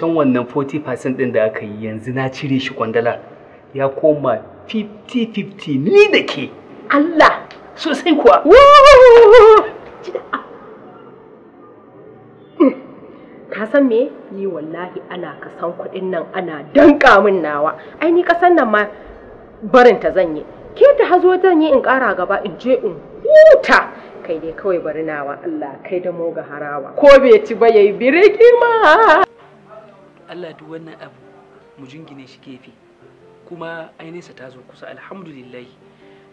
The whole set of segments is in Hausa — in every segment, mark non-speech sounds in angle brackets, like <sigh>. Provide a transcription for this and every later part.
can wannan 40% ɗin da aka yi yanzu na cire shi kwandala ya koma 50-50 ni da ke Allah sosai kuwa ka san me ni wallahi ana kasan kuɗin nan ana danka min nawa ai ni kasan nan ma barin ta zan yi ke ta hazo zan yi in ƙara gaba in je in huta kai dai kawai bari nawa Allah kai da moga harawa ko bai ci ba yayi biriki ma Allah duk wannan abu mu jingine shi gefe kuma ainihinsa ta zo kusa alhamdulillahi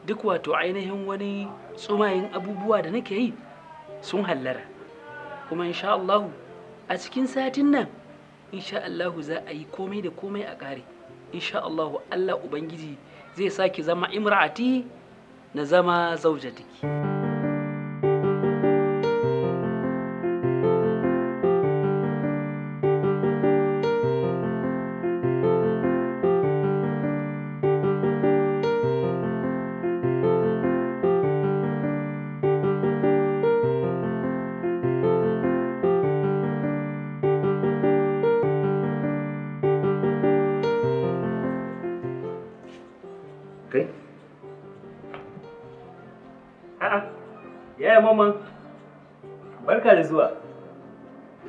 duk wato ainihin wani tsumayen abubuwa da nake yi sun hallara kuma insha Allahu a cikin satin nan insha Allahu za a yi komai da komai a ƙare insha Allahu Allah Ubangiji zai sake zama imra'ati na zama zaujatiki.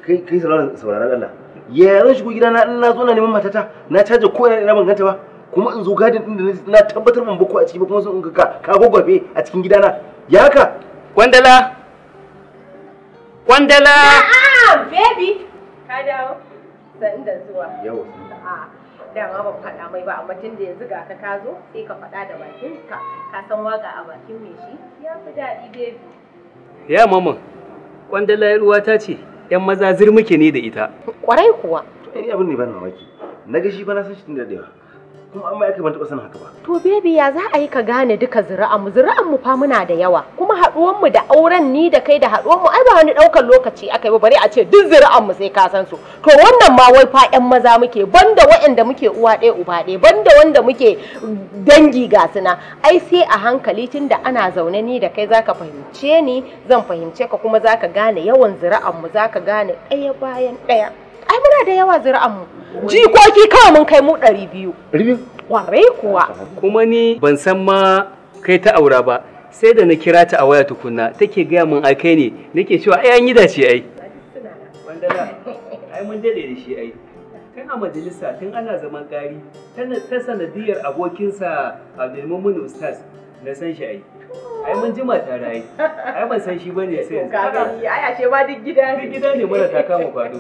kai kai sauraron sauraron Allah ya zan shigo gida na in zo na neman matata na caje ko ina ban ganta ba kuma in zo gadin din da na tabbatar ban bako a ciki ba kuma sun ka ka gogwafe a cikin gidana ya haka kwandala kwandala a'a baby ka dawo san da zuwa yau a'a dama ban faɗa mai ba amma tun da yanzu ga ka ka zo sai ka faɗa da bakinka ka san waka a bakin me shi ya fi daɗi baby ya mama kwandala ruwa ta ce 'yan maza zirmuke ne da ita. Kwarai kuwa. Ni abin ne ban mamaki. Na ga shi ba na san shi tun da yawa. kuma an ma yake taɓa haka ba. To baby ya za a yi ka gane duka zira'an mu mu fa muna da yawa kuma haɗuwanmu da auren ni da kai da haɗuwanmu ai ba wani ɗaukar lokaci aka yi ba bari a ce duk zira'an mu sai ka san su. To wannan ma wai fa ƴan maza muke banda waɗanda muke uwa ɗaya uba ɗaya banda wanda muke dangi ga suna ai sai a hankali tunda ana zaune ni da kai zaka fahimce ni zan fahimce ka kuma zaka gane yawan zira'an mu zaka gane ɗaya bayan ɗaya. ai muna da yawa zuri'anmu jikoki kawai mun kai mu ɗari biyu kwarai kuwa kuma ni ban san ma kai ta aura ba sai da na kira ta a waya tukunna take gaya min ai kai ne nake cewa ai an yi dace ai ai mun dade da shi ai a majalisa tun ana zaman gari ta sanadiyar abokinsa a Abdulmumin Ustaz na san shi ai ai mun jima tare rai ai ban san shi bane sai yanzu ka ga ai a ce ba duk gida duk gida ne mara taka mu kwado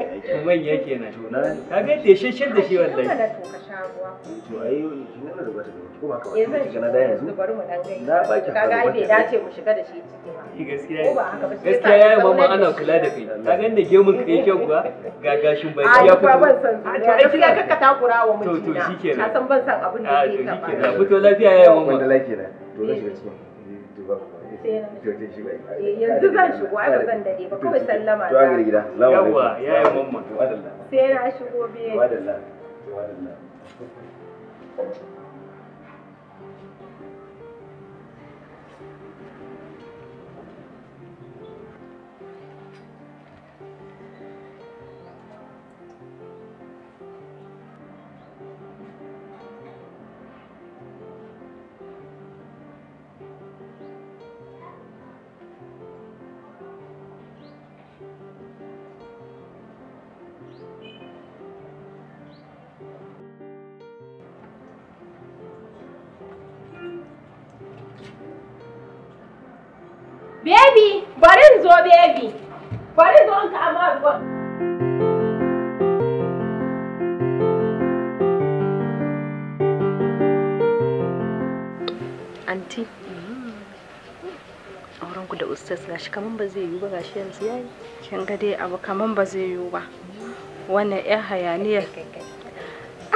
<laughs> man yake na to na ka kaga da sheshen da shi wallahi kana to ka sha ruwa to ai shi ne da bata ko ba kawai eh, yanzu shiga na da yanzu bari mu dan gai na ba ki ka ga bai dace mu shiga da shi ciki ba haka ba gaskiya yayi mamma ana kula da kai ka ga inda gemun kai yake kuwa ga gashin bai ya fito ban san to ai kila kakkata kurawa wa mijina to to shikenan ka san ban san abin da yake ka ba to shikenan fito lafiya yayi mamma wanda lafiya to zan shiga cikin yanzu zan shigo aka zan dade ba kawai sallama to agir gida yawa mamma to adalla sai na shigo biye to adalla to adalla Baby, bari zo baby. Bari zo ka amma ruwan. Anti, auren ku da ustaz gashi kaman ba zai yiwu ba gashi yanzu yayi. Kin ga dai abu kaman ba zai yiwu ba. Wannan hayaniyar.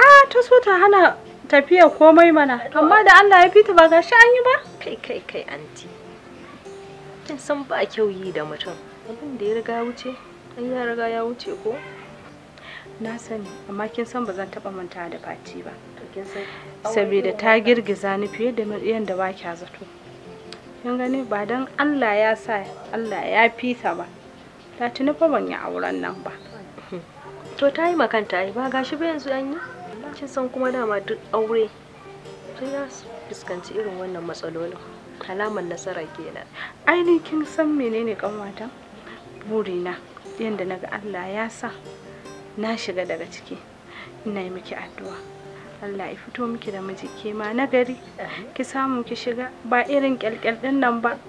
Ah, ta so ta hana tafiya komai mana. Amma da Allah ya fita ba gashi an yi ba? Kai kai kai anti. san ba kyau yi da mutum abin da ya riga ya wuce ai ya riga ya wuce ko na sani amma kin san ba zan taba manta da fati ba saboda ta girgiza ni fiye da yadda ba kya zato kin gani ba dan Allah ya sa Allah ya fita ba ta tuni fa ban yi auren nan ba to ta yi makanta yi ba gashi ba yanzu an yi kin san kuma dama duk aure sai ya fuskanci irin wannan matsalolin alamar nasara kenan ainihin kin san menene kanwata burina yadda naga Allah ya sa na shiga daga ciki ina yi miki addu'a Allah ya fito miki da miji ke ma na gari ki samu ki shiga ba irin kyalkyal din nan ba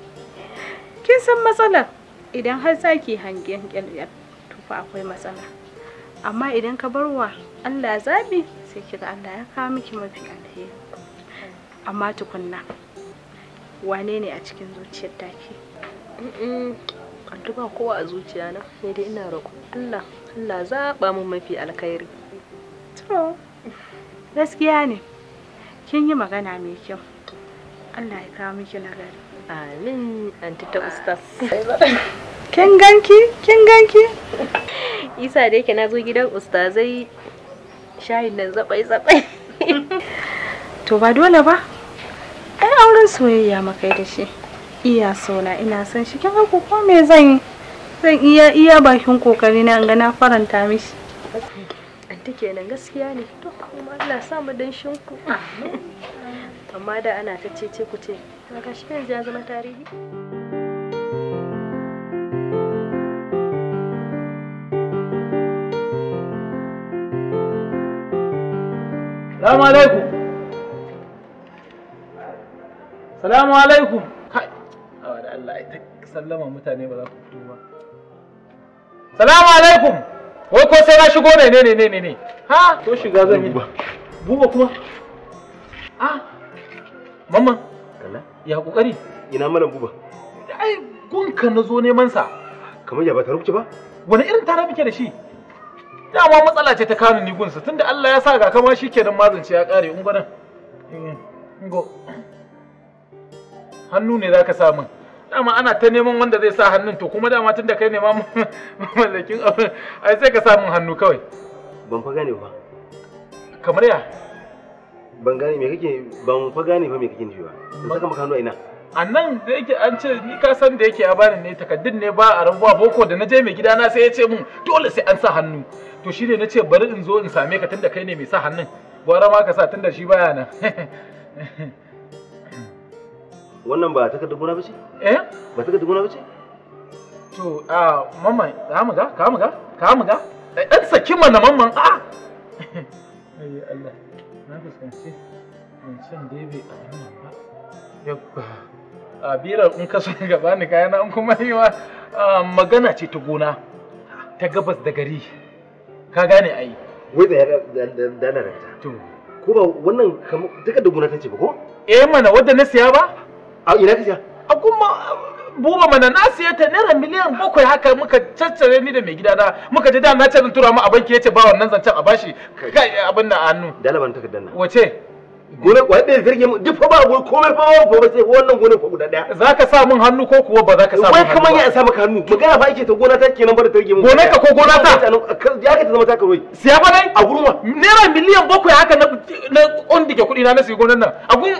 kin san matsalar idan har zaki hangen kyalkyal to fa akwai matsala amma idan ka bar wa Allah zabi sai kiga Allah ya kawo miki mafi alheri amma tukunna wane ne a cikin zuciyar taki addu'a kowa a zuciya na sai dai ina roƙo Allah Allah zaba mun mafi alkhairi to gaskiya ne kin yi magana mai kyau Allah ya kawo miki nagari amin anti ta ustaz <laughs> kin ganki kin ganki isa da yake na zo gidan ustazai shayin nan zabai zabai <laughs> to ba dole ba auren soyayya makai da shi iya sona ina son shi kin ko me zan yi zan iya iya bakin kokari na ga na faranta mishi anti kenan gaskiya ne to kuma Allah sa mu dan shinku <laughs> amma da ana ta cece ku ce ga shi ya zama tarihi Assalamu alaikum. Salamu alaikum. Kai, awa da Allah ai ta sallama mutane ba za ku fito ba. Salamu alaikum. Wai ko sai na shigo ne ne ne ne ne. Ha, to shiga zan yi. Buba kuma. Ah. Mamman. Kana. Ya kokari. Ina mana buba. Ai, gunka na zo neman sa. Kamar ya ba ta rubuce ba? Wani irin tara muke da shi? Dama matsala ce ta kanu ni gunsa tunda Allah ya sa ga kama shi kenan mazance ya kare in gwanan. Mm, hannu ne ka sa min dama ana ta neman wanda zai sa hannun to kuma dama tun da kai nema mallakin abin ai sai ka sa min hannu kawai ban fa gane ba kamar ya ban gane me kake ban fa gane fa me kake nufi ba saka maka hannu ina a nan da yake an ce ni ka san da yake a bani ne takaddun ne ba a rabuwa boko da na je mai gidana sai ya ce mun dole sai an sa hannu to shine na ce bari in zo in same ka tun da kai ne mai sa hannun gwara ma ka sa tun da shi baya nan <laughs> Wannan ba takardar gona ba ce? Eh? Ba takardar gona ba ce? To, a mamman, ka mu ga, ka mu ga, ka mu ga. Ɗan saki mana mamman, a! Ayi <laughs> Allah, na fuskanci san dai bai a nan ba. Yabba. A bira in ka san gaba ni kayana An kuma yi magana ce ta gona ta gabas da gari. Ka gane ai. Wai da ya da To. Ko ba wannan duka da gona ta ce ba ko? Eh mana wadda na siya ba? a ina a kuma buba mana na siya ta naira miliyan bakwai haka muka caccare ni da mai gida na muka ji da na ce tura mu a banki yace ba wannan zancen a bashi kai abin na hannu dalaban takardar nan wace gonar kwaya ɗaya zirgin mu duk fa ba gonar komai fa ba gonar sai wannan gonar fa guda ɗaya za ka sa mun hannu ko kuwa ba za ka sa mun hannu wai kamar ya sa maka hannu magana ba ake ta gona ta kenan ba da targe mu gonar ka ko gona ta ya ka ta zama taka roi siya ba dai a gurma wa naira miliyan bakwai haka na na ondike kuɗi na na sai gonar nan a gun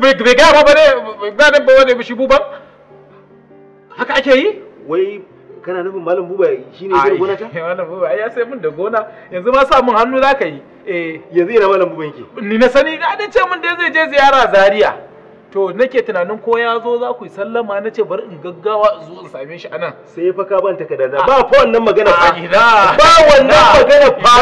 bai ga ba ba ne ba ne ba ne shi ba haka ake yi wai kana nufin malam buba shi ne zai gona ta <laughs> malam buba ya sai min da gona yanzu ma sa mun hannu za ka yi eh yanzu zira malam buban ki ni na sani da ce mun da zai je ziyara Zaria to nake tunanin ko ya zo za ku yi sallama na ce bari in gaggawa in zo in same shi anan sai fa ka ban takarda ah. ah, ba fa wannan magana fa ba wannan magana fa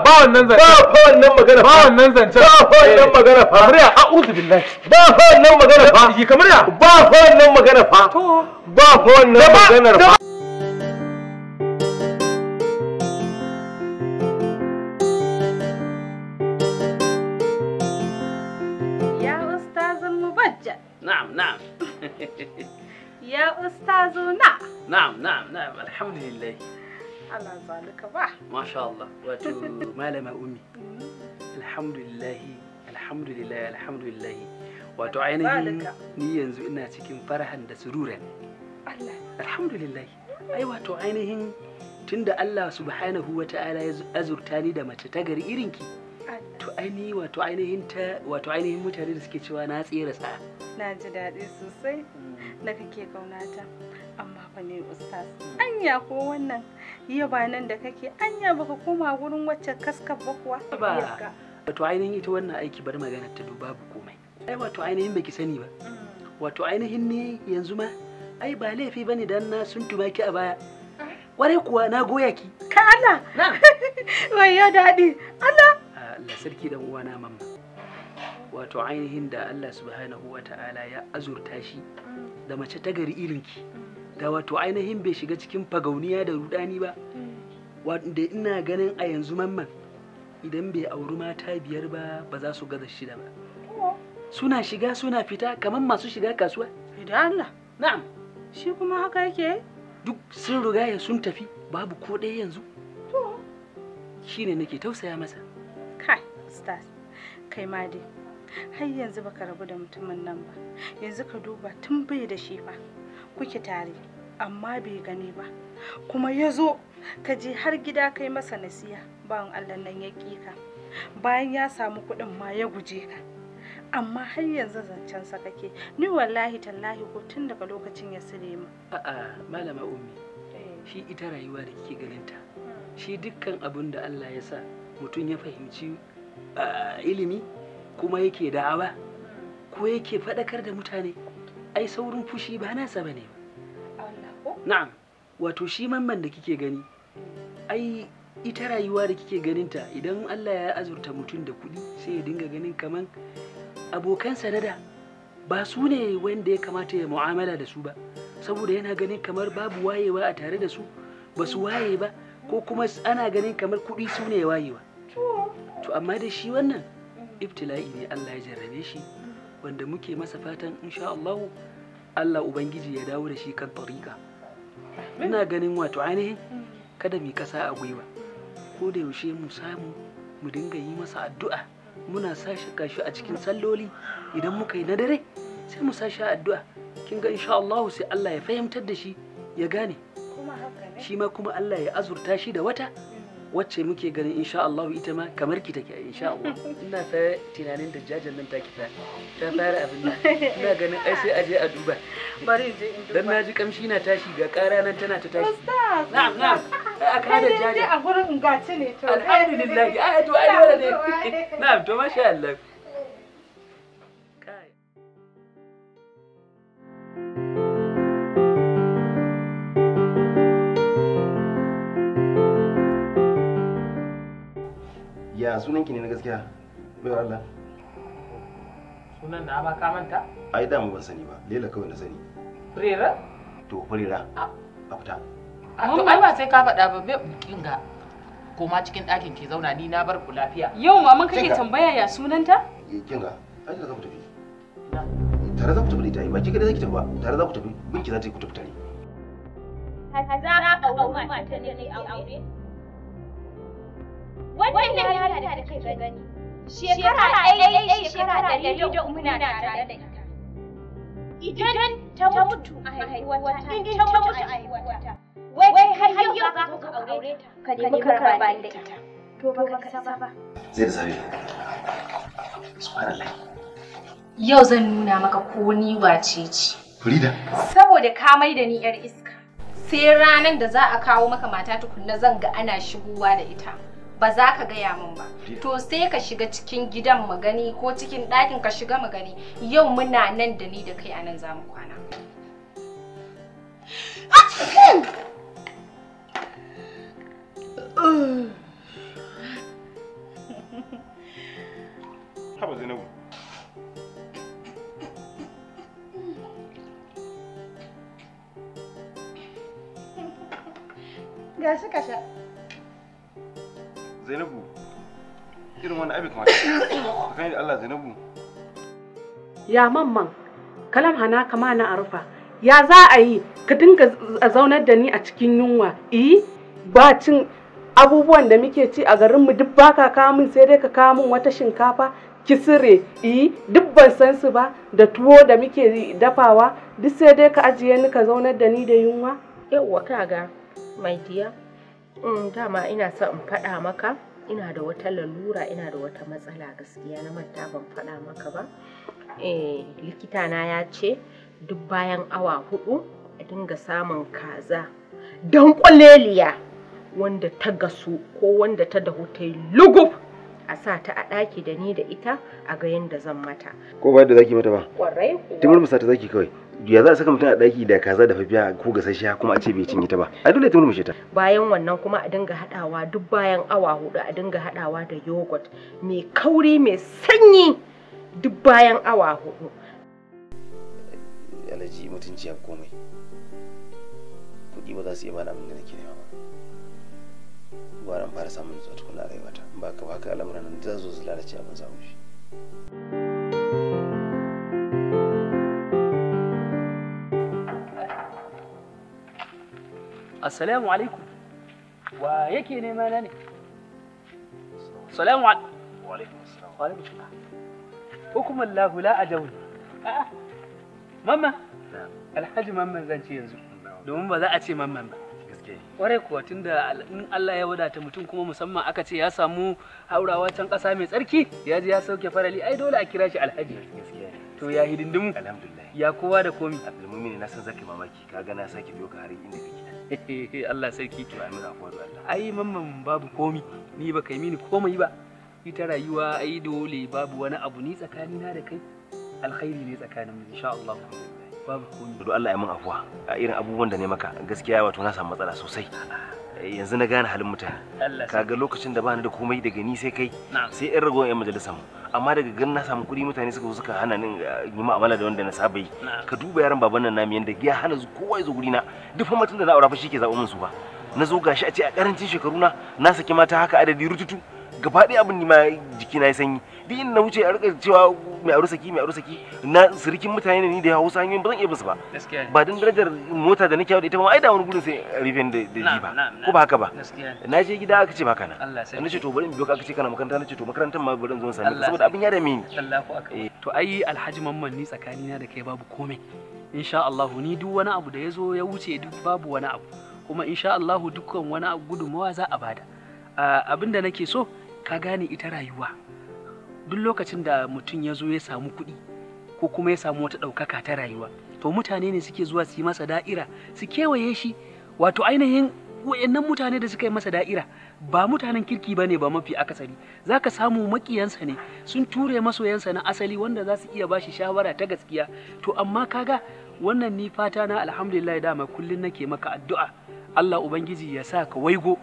ba wannan zance ba fa wannan magana fa ba wannan zance ba fa wannan magana fa kamar ya a'udhu billahi ba fa wannan magana fa kamar ya ba fa wannan magana fa to ba fa wannan magana fa alhamdulillah Allah zalika ba masha Allah wato <laughs> malama ummi alhamdulillah alhamdulillah alhamdulillah wato ainihin ni yanzu ina cikin farahan da surura ne alhamdulillah ai wato ainihin tunda Allah subhanahu wa ta'ala ya azurta ni da mace tagar gari irinki to ainihi wato ainihin ta wato ainihin mutane da suke cewa na tsira sa na ji daɗi sosai da mm. kake kaunata haka ne ustaz anya ko wannan iya ba nan da kake anya baka koma gurin wacce kaskar ba kuwa ba wato ainihin ita wannan aiki bar magana ta duba ba komai ai wato ainihin baki sani ba mm. wato ainihin ne yanzu ma ai ba laifi bane dan na sun tuba ki a baya ah. kwarai kuwa na goya ki ka Allah na ya dadi Allah Allah sarki dan uwana mamma wato ainihin da Allah subhanahu wa ta'ala ya azurta shi mm. da mace ta gari irinki da wato ainihin bai shiga cikin fagauniya da rudani ba wanda ina ganin a yanzu mamman idan bai auri mata biyar ba ba za su gaza shida ba suna shiga suna fita kamar masu shiga kasuwa idan Allah na'am shi kuma haka yake duk sun ya sun tafi babu ko ɗaya yanzu shine nake tausaya masa kai Stars, kai ma dai har yanzu baka rabu da mutumin nan ba yanzu ka duba tun bai da shi fa kuke tare amma bai gani ba kuma ya zo ka je har gida kai masa nasiya bawan allah nan ya ka bayan ya samu kuɗin ma ya guje ka amma har yanzu zancen sa kake ni wallahi tallahi ko tun daga lokacin ya sire mu a'a malama ummi eh. shi ita rayuwa da kike ganin ta, shi dukkan abun da allah ya sa mutum ya fahimci ah, ilimi kuma yake da'awa ko yake faɗakar da mutane ai saurin fushi ba nasa ba ne na'am wato shi mamman da kike gani ai ita rayuwa da kike ganinta idan allah ya azurta mutum da kuɗi sai ya dinga ganin kaman abokansa na da ba su ne wanda ya kamata ya mu'amala da su ba saboda yana ganin kamar babu wayewa a tare da su ba su waye ba ko kuma ana ganin kamar kuɗi su ne wayewa to amma da shi wannan mm. ibtila'i ne allah ya jarrabe shi wanda muke masa fatan insha Allah Allah ubangiji ya dawo da shi kan tariqa ina ganin wato ainihin kada mu kasa a gwiwa ko da yaushe mu samu mu dinga yi masa addu'a muna sa shi a cikin salloli idan muka yi na dare sai mu sa shi addu'a kin ga insha Allah sai Allah ya fahimtar da shi ya gane shi ma kuma Allah ya azurta shi da wata wacce muke ganin insha Allah ita ma kamar ki take insha Allah ina ta tunanin da jajan nan take ta ta fara abin nan ina ganin ai sai aje a duba bari je in duba dan naji kamshi na tashi ga kara nan tana ta tashi na'am na'am a kada jajan a gurin gaci ne to alhamdulillah ai to ai dole ne na'am to masha Allah ya sunan ki ne na gaskiya bai Allah sunan na ba ka manta ai da mu ban sani ba lela kawai na sani firira. to firira a fita To ai ba sai ka faɗa ba bai koma cikin ɗakin ke zauna ni na bar ku lafiya yau maman kake tambaya ya sunanta eh, kin ga ai da ku tafi tare za ku tafi da ita ba ki ga zaki tafi ba tare za ku tafi binki za ta yi ku tafi tare ka kawo mata ne aure. wannan yarinya da kake gani shekara ɗaya ɗaya shekara ɗari da muna tare da ita idan ta mutu a haihuwata in ta mutu a haihuwata wai kai har yau za ka aure ta ka nemi karɓa da ita to ba ka saba ba zai da sabi subhanallah yau zan nuna maka ko ni wace ce Frida saboda ka mai da ni yar iska sai ranar da za a kawo maka mata tukunna zan ga ana shigowa da ita ba za ka gaya min ba to sai ka shiga cikin gidan magani ko cikin ɗakin ka shiga magani yau muna nan da ni da kai nan za mu kwana Haba Zainabu. Zainabu irin wani abin kamar ka da Allah Zainabu ya mamman kalam hana kama na arufa ya za a yi ka dinga zaunar da ni a cikin yunwa eh ba cin abubuwan da muke ci a garinmu duk ba ka kawo min sai dai ka kawo min wata shinkafa kisire i duk ban san su ba da tuwo da muke dafawa duk sai dai ka ajiye ni ka zaunar da ni da yunwa yawwa kaga mai dear. Mm, dama ina son in faɗa maka ina da wata lalura ina da wata matsala gaskiya na manta ban faɗa maka ba. Eh, likitana ya ce duk bayan awa hudu a dinga samun kaza dan kwaleliya wanda ta gasu ko wanda ta dahu ta yi lugub a sa ta a ɗaki da ni da ita a ga yadda zan mata. Ko ba da zaki mata ba? Kwarai Timur ta zaki kawai. ya za a saka mutum a daki da kaza da fafiya ko gasasshiya kuma a ce bai cinye ta ba a dole ta murmushe ta bayan wannan kuma a dinga hadawa duk bayan awa hudu a dinga hadawa da yogurt mai kauri mai sanyi duk bayan awa hudu alaji mutunci ya komai kuɗi ba za su iya bani abin da nake nema ba gwaran fara samun zuwa tukuna a ta ba ka ba ka al'amuran nan za su lalace abin samu shi assalamu alaikum wa yake nema na ne salamu alaikum Ko kuma la a dauni mamma alhaji mamman zan ce yanzu domin ba za a ce mamman ba kwarai kuwa tunda in Allah ya wadata mutum kuma musamman aka ce ya samu haurawa can ƙasa mai tsarki ya ji ya sauke farali ai dole a kira shi alhaji to ya hidindimu ya kowa da komi abdulmumin na san zaka mamaki kaga na saki biyo ka har inda kake <laughs> Allah sarki ki ai maza ko Allah ai mamman babu komi ni ba kai mini komai ba ita rayuwa ai dole babu wani abu ni tsakanina da kai alkhairi ne tsakanin mu insha Allah babu Allah ya mun afuwa a irin abubuwan da ne maka gaskiya wato na samu matsala sosai eh, yanzu na gane halin mutane kaga lokacin da ba ni da komai daga ni sai kai sai yan ragowar yan majalisar mu amma daga gan na samu kuɗi mutane suka zo suka hana ni eh, yi da wanda na saba yi ka duba yaran baban nan nami yanda ya hana kowa ya zo na duk fa matan da na aura fa shike zaɓo min su ba na zo gashi a ce a karancin shekaru na na saki mata haka adadi rututu gaba ɗaya abin ma jiki na sanyi duk inda wuce a rika cewa mai aure saki mai aure saki na sirikin mutane ne da hausa hanyoyin ba zan iya musu ba ba dan darajar mota da nake da ita ba ai da wani gudun sai rufe da da ba ko ba haka ba na je gida aka ce baka na na ce to bari in biyo ka aka ce kana makaranta na ce to makarantar ma bari in zo sanin saboda abin ya da mini. Eh. to ai alhaji mamman ni tsakanina da kai babu komai insha Allah ni duk wani abu da ya zo ya wuce duk babu wani abu kuma insha Allah dukkan wani abu gudunmawa za a bada ah, abin da nake so ka gane ita rayuwa duk lokacin da mutum ya zo ya samu kuɗi ko kuma ya samu wata ɗaukaka ta rayuwa to mutane ne suke zuwa su yi masa da'ira su kewaye shi wato ainihin wayannan mutane da suka yi masa da'ira ba mutanen kirki ba ne ba mafi akasari za ka samu makiyansa ne sun ture masoyansa na asali wanda za su iya shi shawara ta gaskiya to amma kaga wannan ni fata na alhamdulillah dama kullum nake maka addu'a Allah Ubangiji ya sa ka waigo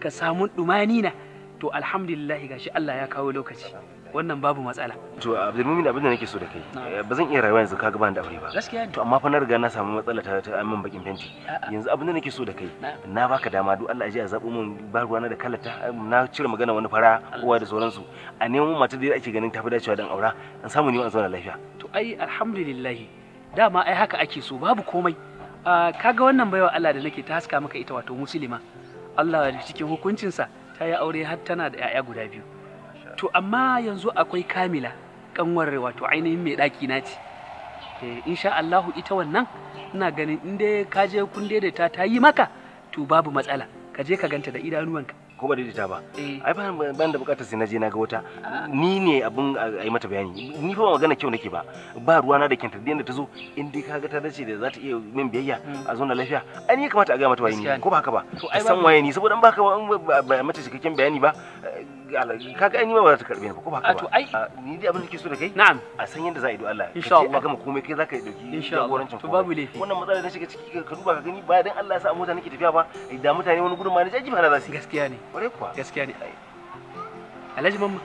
ka samu ɗumanina. na to alhamdulillah gashi Allah ya kawo lokaci wannan babu matsala to abdulmumin abin da nake so da kai eh, ba zan iya rayuwa yanzu ka ga ban da aure ba gaskiya to amma fa na riga na samu matsala ta ta min bakin fenti yanzu abin da nake so da kai na baka dama duk Allah ya ji a zabo mun ba ruwana da kallata, na cire magana wani fara kowa da sauransu a nemo mata da ake ganin tafi dacewa dan aura an samu ni an zauna lafiya to ai alhamdulillah dama ai haka ake so babu komai ah, kaga wannan baiwa Allah da nake ta haska maka ita wato musulma Allah cikin hukuncinsa ta yi aure har tana da 'ya'ya guda biyu to amma yanzu akwai kamila kanwar wato ainihin mai ɗaki na ce eh, insha Allahu ita wannan ina ganin in dai ka je kun ta ta yi maka to babu matsala ka je ka ganta da idanuwanka ko ba daidaita ba eh. ai ban da bukatar sai na je na ga wata ah. ni ne abin a yi mata bayani ni fa ba magana kyau nake ba ba ruwana da kyanta da ta zo in dai kaga ta dace da za ta iya min biyayya hmm. a zo na lafiya ai ni kamata a ga mata waye ni ko ba haka ba san waye ni saboda an baka ba mata cikakken bayani ba alaji kaga an yi ma ba za ta karbe ko ba ka ba ni dai abin da ke so da kai na'am a san yadda za a yi do Allah insha Allah gama komai kai zaka yi dauki jagorancin to babu laifi wannan matsalar da shiga ciki ka duba ka gani ba dan Allah ya sa mota nake tafiya ba da mutane wani gurin ma ne jaji ba na za su gaskiya ne kware kuwa gaskiya ne Alhaji mamma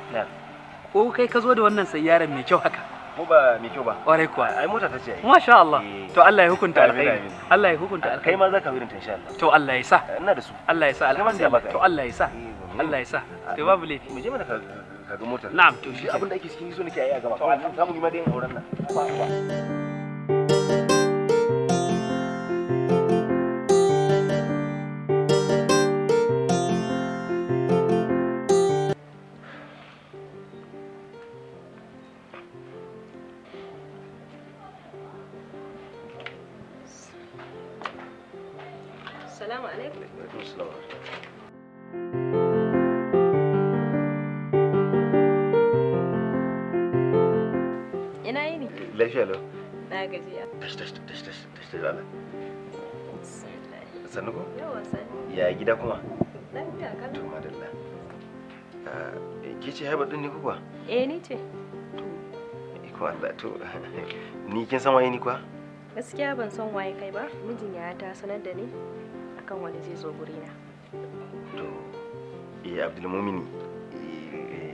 ko kai ka zo da wannan sayyaran mai kyau haka mu ba mai kyau ba kwarai kuwa ai mota ta ce ai masha Allah eh. to Allah ya hukunta alkhairi Allah ya hukunta alkhairi kai ma zaka wurin ta insha Allah to Allah ya sa ina da su Allah ya sa alhamdulillah to Allah ya sa eh, الله يسهل تباب آه، لي في مجمع لك هكذا نعم توشي أبن دايكي سكيني سوني أيها جماعة طبعا نعم نعم نعم نعم نعم نعم السلام عليكم lafiya lau na tashi tashi tashi tashi ya gida kuma lafiya kan to madalla ke ce din ne kuwa eh ni ce ko Allah to ni kin san waye ni kuwa gaskiya ban san waye kai ba mijin ya ta sanar da ni akan wani zai zo guri na to eh Abdulmumini eh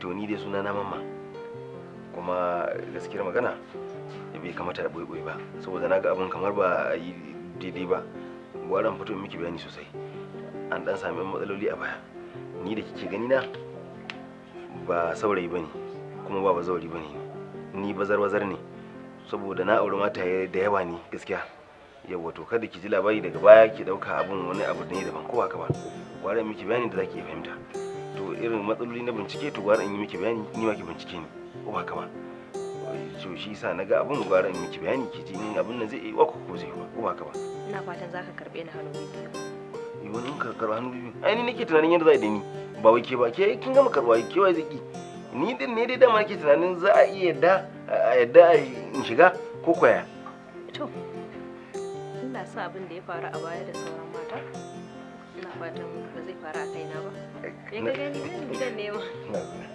to eh, ni dai suna na mamma kuma gaskiyar magana bai kamata da ɓoye ba saboda na ga abin kamar ba yi daidai ba gwaran fito miki bayani sosai an dan sami matsaloli a baya ni da kike gani na ba saurayi ne kuma ba bazauri ne ni bazar bazar ne saboda na auri mata da yawa ne gaskiya yawa to kada ki ji labari daga baya ki dauka abun wani abu ne daban kowa ka ba gwaran miki bayani da zaki fahimta to irin matsaloli na bincike to gwaran in yi miki bayani ni ma ki bincike ne ko kama so shi sa na ga abin gwara in miki bayani ki ji ni abin nan zai yi wa ko zai yi ko kama ina fatan zaka karbe ni hannu biyu yi wani in karkar hannu biyu ai ni nake tunanin yadda za a ni ba wai ke ba ke kin gama karwa ke wai zai ki ni din ne dai dama nake tunanin za a iya yadda a yadda a in shiga ko kwaya to ina sa abin da ya faru a baya da sauran mata ina fatan ba zai faru a kaina ba ya ga gani zan gidan nema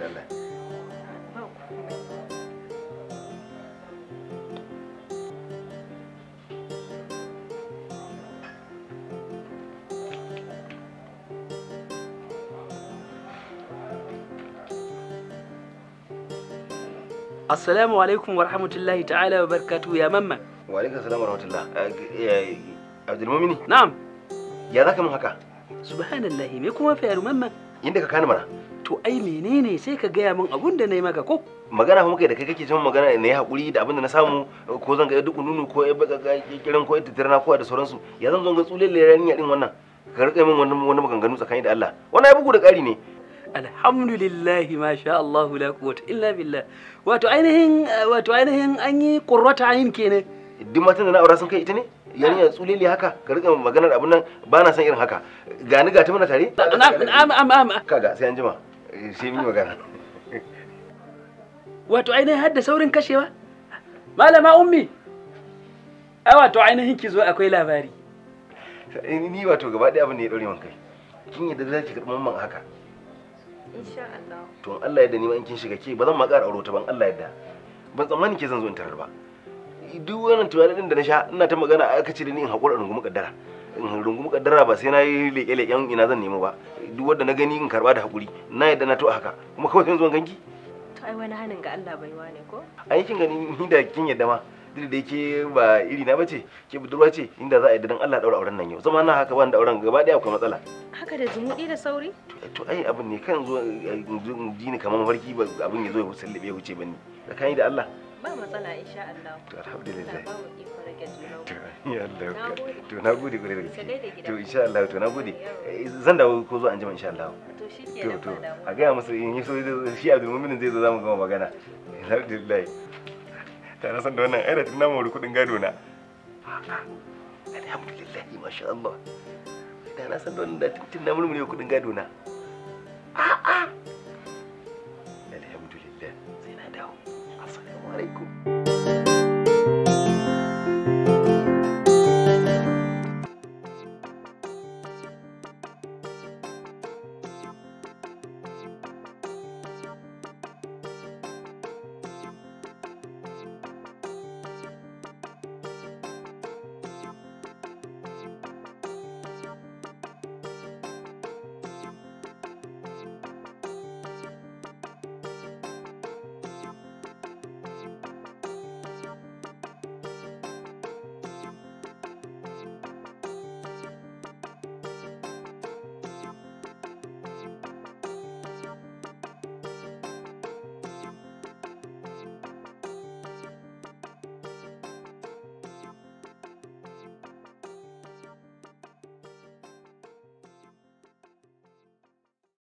الحمد السلام عليكم ورحمة الله تعالى وبركاته يا مما وعليكم السلام ورحمة الله أه، يا عبد المؤمن نعم يا ذاك من هكا سبحان الله ما يكون في مما عندك كان مرة to ai menene sai ka gaya min abun da na yi maka ko magana kuma kai da kai kake jin magana ne ya haƙuri da abin da na samu ko zan ga duk nunu ko ya baka kiran ko tirna ko da sauransu ya zan zo ga tsulele yarinya din wannan ka rike min wani wani maganganu tsakani da Allah wannan ya bugu da ƙari ne alhamdulillahi ma sha Allahu la quwwata illa billah wato ainihin wato ainihin an yi qurrata ayin kenan duk matan da na aura sun kai ita ne yarinya tsuleli haka ka rika maganar abun nan ba na san irin haka gani ga ta muna tare am am am kaga sai an jima sai mun magana wato ainihin har da saurin kashewa malama ummi A wato ainihin ki zo akwai labari eh, ni wato gaba ɗaya abin da ya ɗaure man kai kin yadda za ki karɓi man haka insha Allah to Allah yadda ni ma in kin shiga ke ba zan ma ƙara aure ta ban Allah yadda ban tsammani ke zan zo in tarar ba duk wannan tunanin da na sha ina ta magana aka ce da ni in haƙura in gumi kaddara rungumu kaddara ba sai na yi leƙe-leƙen ina zan nemi ba duk wanda na gani in karba da hakuri na yadda na to a haka kuma kawai sai zuwan ganki to ai wani hanin ga Allah baiwa ne ko ai kin gani ni da kin yadda ma duk da yake ba iri na bace ke budurwa ce inda za a yadda dan Allah daura auren nan yau zama na haka ban da auren gaba daya akwai matsala haka da jumu'i da sauri to ai abin ne kan zo in ji ni kamar mafarki abin ya zo ya wuce ba ni tsakani da Allah Ba matsala insha Allah. To alhamdulillah. Ya Allah. To na gode gure da gaske. To insha Allah to na gode. Eh, zan dawo ko zo an jima insha Allah. To to a ga musu in yi so shi Abdul Mumin zai zo zamu gama magana. Alhamdulillah. Ta na san da wannan aida tun na mu kudin gado na. Alhamdulillah masha Allah. na san da wannan tun na mu kudin gado na. A'a. 太苦。